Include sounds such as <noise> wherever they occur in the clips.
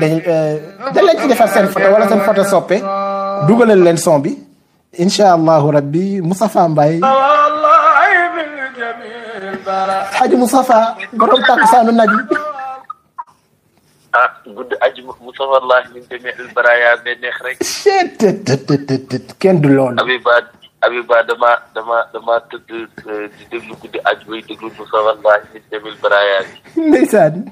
ci dañ dañ leen ci euh, defal seen photo wala seen soppe dugalal leen son bi incha allahu rabbi Moustapha Mbaye aji Moustapha borom tàkkusaanu naj bi ah gudd aj Moustapha Allah min jamiil baraya be neex rek kenn du loolu Abiba dama dama dama tëdd guddi aj bay déglu Moustapha Allah min jamiil baraya bi ndeysaan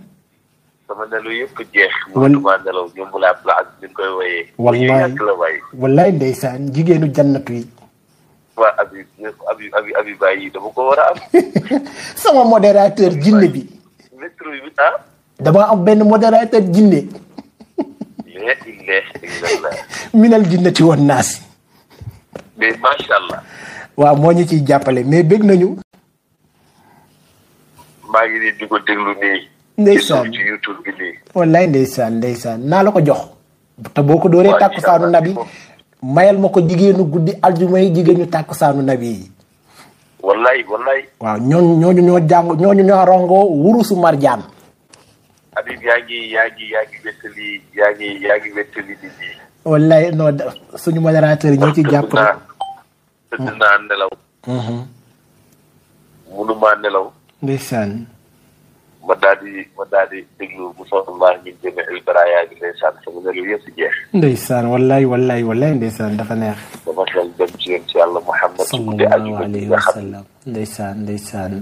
sama nelaw yëpp jeex. wala maa nelaw ñoom laa la ak ñu koy woyee. wallaay ndeysaan jigéenu jannatu yi. waa abi dama ko war a am. <laughs> sama modérateur jinne bi. métro ah? am benn modérateur jinne. <laughs> minal jinnati woon naas. waaw moo ñu ci jàppale mais bëgg nañu. maa ngi nii di ko déglu nii. ndeysaan ci YouTube bi naa la ko jox. te boo ko dooree tàkkusaanu nabi mayal ma ko jigéenu guddi aljuma yi jigéen ñu tàkkusaanu nabi yi. wallaay wallaay. ñoo jàng wurusu marjaan. Habib yaa suñu modérateur yi ñoo ci jàpp. tëdd hmm. naa nelaw. mënumaa hmm. nelaw. ndeysaan. ma daal di ma daal di déglu bu soxlaa ñu jëme El Baraya bi ndeysaan sama nelaw yëpp jeex. ndeysaan wallaay wallaay wallaay ndeysaan dafa neex. dama xel dem ci yéen ci yàlla Muhammad. sallallahu alayhi wa sallam ndeysaan ndeysaan.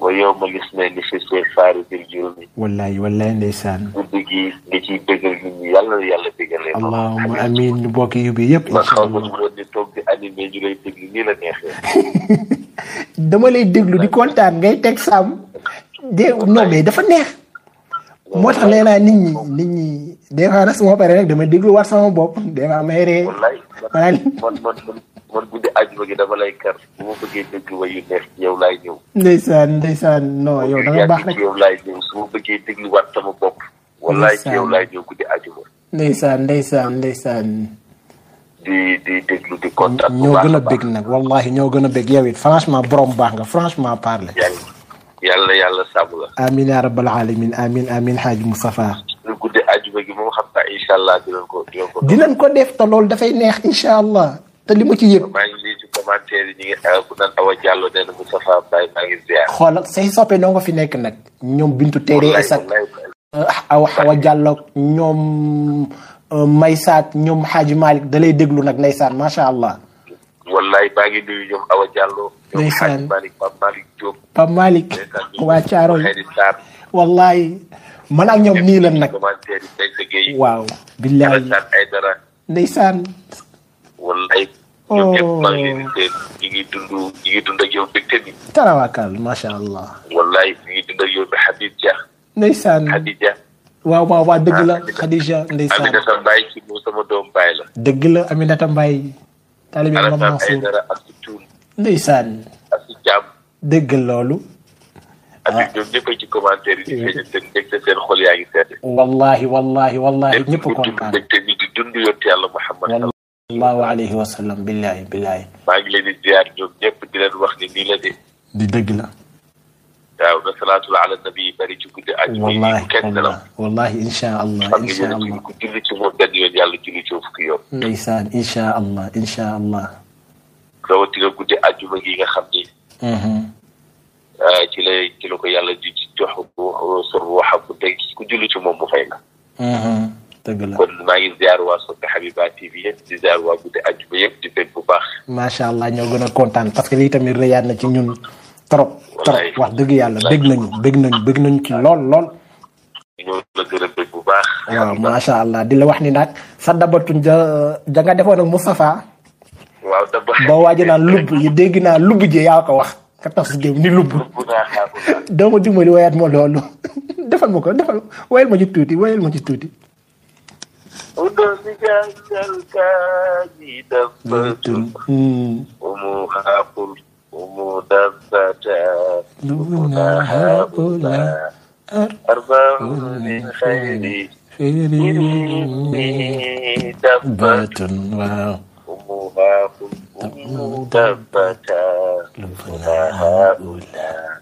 wa yow ma gis ne li fi see faari biir juróomi. wallaay wallaay ndeysaan. guddi gi nga ciy dëggal nit ñi yàlla na yàlla dëggal leen. allahumma amiin ñu bokk yu bi yëpp. incha allah man xaw ma ne toog di animé ñu lay déglu nii la neexee. <laughs> dama lay déglu di kontaan ngay teg saam. dé non mais dafa neex. moo tax nee naa nit ñi nit ñi des fois nag su ma paree rek dama dégluwaat sama bopp des fois may ree. man man man guddi àjjuma gi dama lay kar bu ma bëggee déglu way ñëw. sama bopp. wallaay ñëw gën a bég nag wallahi ñoo gën franchement borom baax nga franchement parler. yàlla yàlla sàmm la. amiin yaa rabbal alamin amiin amiin xaaj Moustapha. lu guddi àjjuma gi moom xam naa incha allah dinañ ko dinañ ko. dinañ ko def te loolu dafay neex incha allah. te li ma ci yëg. maa ngi lii ci commentaire yi ñu ngi bu naan Awa Diallo nee na Moustapha Mbaye maa ngi ziar. xoolal say soppe noo nga fi nekk nag. ñoom Bintu Tere Esak. aw Awa Diallo ñoom Maysaat ñoom Xaaji Malick da lay déglu nag ndeysaan macha allah. wallaay baa ngi nuyu ñoom Awa Diallo. ndeysaan ñoom Malick Pape Malick Diop. Pape Malick waa Thiaroye wallaay man ak ñoom nii lan nag. waaw. billaay ndeysaan. wallaay. ñoom ñëpp oh. maa ngi leen di ñu ngi dund ñu ngi dund ak yow mbégte bi. tarawakal macha allah. wallaay ñu ngi dund ak yow bi Khadija. ndeysaan Khadija. waaw waaw waaw dëgg la ah, Khadija ndeysaan. Aminata Mbaye ci moom sama doom Mbaye la. dëgg la Aminata Mbaye. taalibe Mame Mansour ndeysaan dëgg loolu. ah ñoom ñëpp ci commentaire yi. Eh. ñu seen xol yaa ngi seet. wallaahi wallaahi wallaahi ñëpp kontaan di dund yonent yàlla Muhammad sallallahu ngi leen di ziar ñoom ñëpp di leen wax ni nii la de. di dëgg la. waaw yi bari ci guddi. wallaahi wallaahi incha allah fukki yoon. ndeysaan incha allah incha allah. rawatina guddi àjjuma gi nga xam ni. Mm-hmm. Ah, ci la ko yàlla di jox sor waxa ku teg ku julli ci moom mu fay la. Mm-hmm. dëgg la kon maa ngi allah ñoo gën a kontaan parce que lii tamit rëyaat na ci ñun trop. wax dëgg yàlla bëgg nañu bëgg nañu ci lool lool. waaw ya, macha allah di la wax ni nag sa dabatun ja ja nga defoon ak Moustapha. waaw daba ba waaji naa ya, lubb yi dégg naa lubb ji yaa ko wax ka ah. tas géew ni lubb dooma dimbali wayaat ma loolu defal ma defal wayal ma ci tuuti wayal ma ci tuuti ودوني من خيري في دبة وما كنتم دبة لولا هؤلاء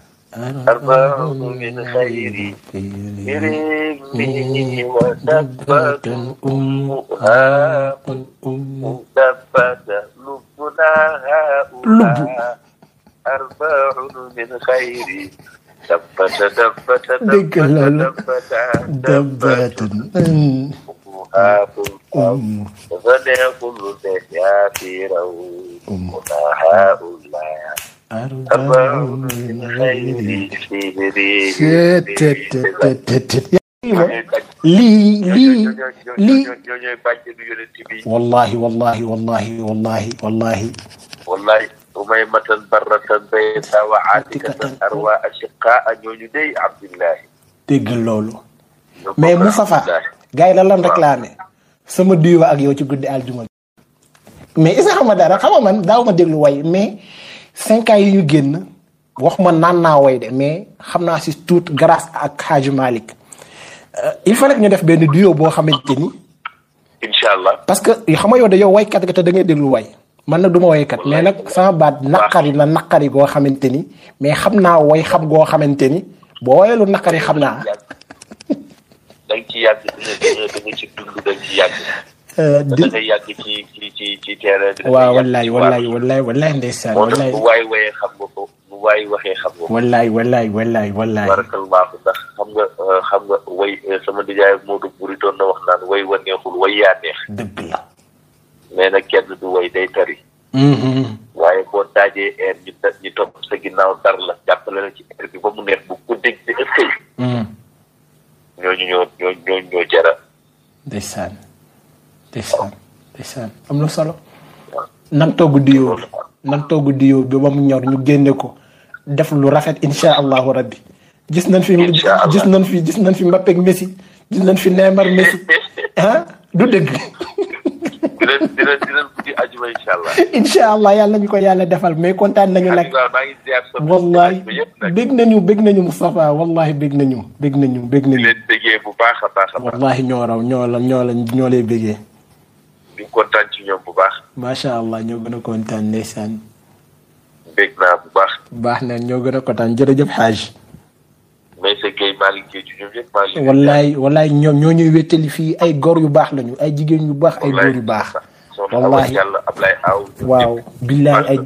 أربع من خير إرمي ودبة أمها أم دبة لبنا هؤلاء أربع من خير دبت دبت دبت دبت دبت أمهاتكم فليقل دساتيره هؤلاء أربع من غير سبري لي لي لي والله والله والله والله والله والله umaymatan barratan bayda wa aatikatan arwa ashiqaa ñooñu dey abdillahi déggal loolu mais Moustapha gars yi lan lan réclamé sama diwa ak yow ci guddi aljuma mais isa xam nga dara xam nga man daaw ma déglu way mais cinq ans yi ñu génn wax ma naan naa way de mais xam naa si tout grâce ak Hadji Malick euh, il faut rek ñu def benn duo boo xamante ni. incha allah parce que xam nga yow de yow waykat nga te da ngay déglu way. man na du ma woykat mais nag sama baat naqari na naqari goo xamante ni mais xam naa woy xam goo xamante ni boo woyalu naqari xam naa. da nga euh, di da nga yàgg ci ci waaw wallaay wallaay wallaay wallaay ndeysaan wallaay. waay woyee xam nga ko bu waay waxee xam nga ko. wallaay wallaay wallaay wallaay. nga xam nga euh, way euh, sama nijaay Modou Buri kenn du way waaye boo daajee eh, air ñu ñu topp sa ginnaaw dar la jàppale la ci eh, air bi ba mu neex bu guddeeg si ëskay ñooñu ñoo hmm. ñoo ñoo ñoo jara ndeysaan ndeysaan ndeysaan am na solo nag togg diyoo nag togg diyoo bi ba mu ñor ñu génne ko def lu rafet insha allahu rabbi gis nañ fi gis nañ fi gis nañ fi mbappek messi gis nañ fi neymar messi ah <laughs> du dëgg di leen di leen di leen guddi ajuma incha allah. <laughs> incha allah yàlla nañu ko yàlla defal mais kontaan nañu nag. wallahi bég nañu bég nañu Moustapha wallahi bég nañu. bég nañu bég nañu. di leen bégee bu baax a baax a baax. wallahi ñoo raw ñoo la ñoo la ñoo lay bégee. di kontaan ci ñoom bu baax. macha allah ñoo gën a kontaan ndeysaan. bég naa bu baax. baax na ñoo gën a kontaan jërëjëf Haji. Mbaye Guèye Malick Guèye wallaay wallaay ñoo ñuy wéttali fii ay góor yu baax lañu ay jigéen yu baax ay góor yu baax. wallaay waaw billaay ay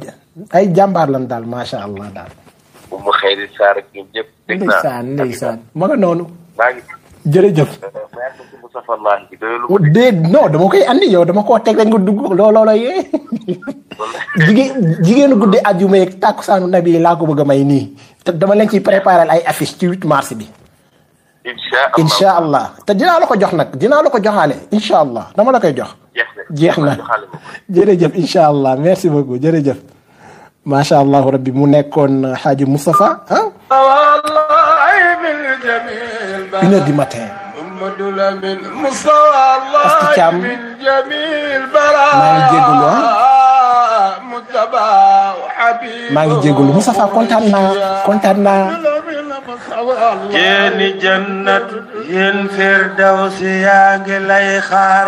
ay jàmbaar lan daal macha allah daal. bu mu xëy di saar ak ñoom ñëpp. dégg naa ndeysaan nga noonu. jërëjëf. déet non dama koy andi yow dama koo teg rek nga dugg looloo la yee. jigéen jigéenu guddi àjjuma yeeg tàkkusaanu nabi laa ko bëgg may nii te dama leen ciy préparer ay affiche ci 8 mars bi. incha allah te dinaa la ko jox nag dinaa la ko joxaale allah dama la koy jox. jeex na jërëjëf incha allah merci beaucoup jërëjëf. macha allah rabbi mu nekkoon Xaaji Moustapha ah. une heure du matin Astou Thiam maa ngi maa ngi jégalu ah. Moustapha kontaan naa kontaan naa. jeeni jannat yéen yaa ngi lay xaar.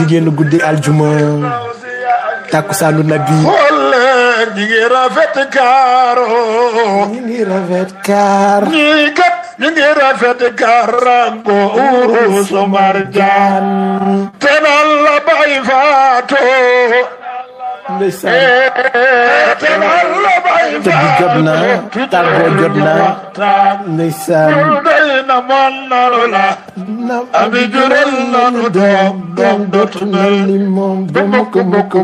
jigéenu guddi aljuma takkusaanu nabi. wala jigéen rafet rafet kaar. Jingira fete karango uru sumarjan Tenal la bay fato eh, Tenal la bay fato Tëgg jot na tàggoo jot na ndeysaan day na man nanu la Abi jural nanu doom doom dootu mel ni moom ba mukk mukk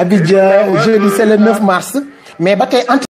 Abidjan jeudi c'est le 9 mars mais ba tey